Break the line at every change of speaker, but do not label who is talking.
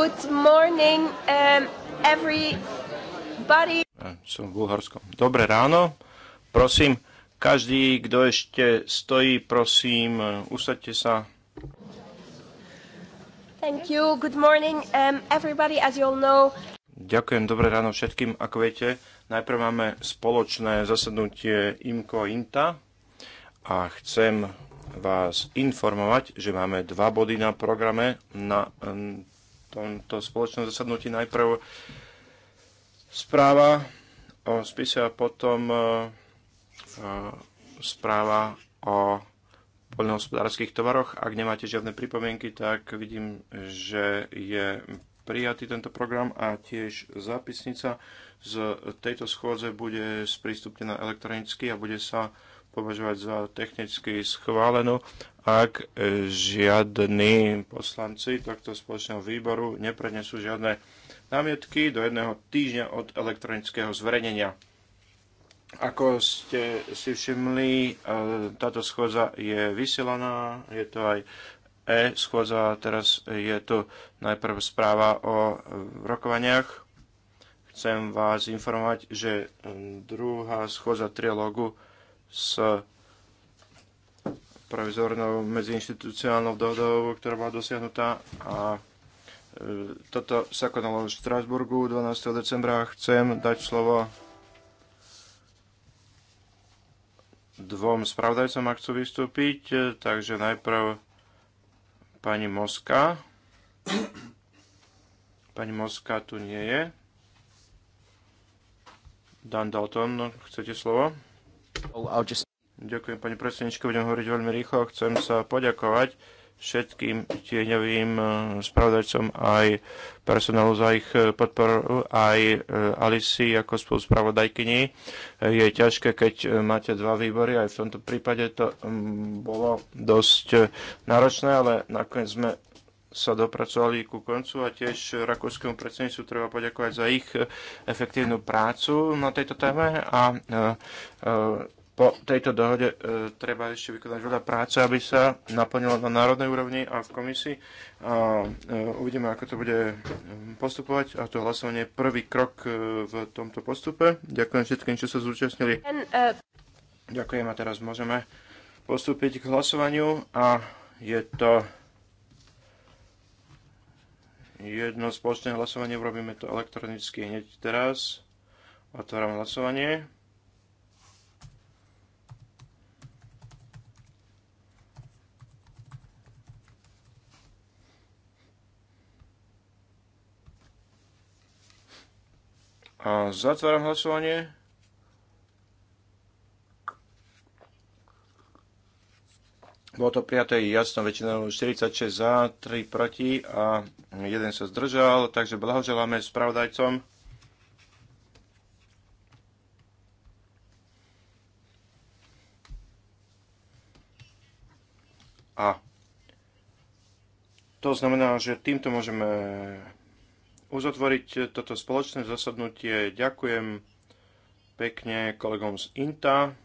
Good morning, um, everybody. Som v Bulharskom. Dobré ráno. Prosím, každý, kto ešte stojí, prosím, uh, usaďte sa. Thank you. Good morning, um, everybody. As you all know, Ďakujem, dobré ráno všetkým. Ako viete, najprv máme spoločné zasadnutie IMCO INTA a chcem vás informovať, že máme dva body na programe na um, tomto spoločnom zasadnutí najprv správa o spise a potom e, e, správa o poľnohospodárských tovaroch. Ak nemáte žiadne pripomienky, tak vidím, že je prijatý tento program a tiež zápisnica z tejto schôdze bude sprístupnená elektronicky a bude sa považovať za technicky schválenú, ak žiadni poslanci tohto spoločného výboru neprenesú žiadne námietky do jedného týždňa od elektronického zverejnenia. Ako ste si všimli, e, táto schôdza je vysielaná, je to aj e-schôdza, teraz je tu najprv správa o rokovaniach. Chcem vás informovať, že druhá schôdza trialógu s provizornou medziinstitucionálnou dohodou, ktorá bola dosiahnutá a e, toto sa konalo v Strasburgu 12. decembra. Chcem dať slovo dvom spravodajcom, ak chcú vystúpiť. E, takže najprv pani Moska. Pani Moska tu nie je. Dan Dalton, chcete slovo? Ďakujem, pani predsednička, budem hovoriť veľmi rýchlo. Chcem sa poďakovať všetkým tieňovým e, spravodajcom aj personálu za ich e, podporu, aj e, Alisi ako spoluspravodajkyni. Je ťažké, keď máte dva výbory, aj v tomto prípade to bolo dosť náročné, ale nakoniec sme sa dopracovali ku koncu a tiež rakúskému predsedníctvu treba poďakovať za ich efektívnu prácu na tejto téme a po tejto dohode e, treba ešte vykonať veľa práce, aby sa naplnila na národnej úrovni a v komisii. A e, uvidíme, ako to bude postupovať. A to hlasovanie je prvý krok e, v tomto postupe. Ďakujem všetkým, čo sa zúčastnili. E- Ďakujem a teraz môžeme postúpiť k hlasovaniu. A je to jedno spoločné hlasovanie. urobíme to elektronicky hneď teraz. Otváram hlasovanie. A zatváram hlasovanie. Bolo to prijaté jasnou väčšinou 46 za, 3 proti a jeden sa zdržal, takže blahoželáme spravodajcom. A to znamená, že týmto môžeme uzatvoriť toto spoločné zasadnutie. Ďakujem pekne kolegom z INTA.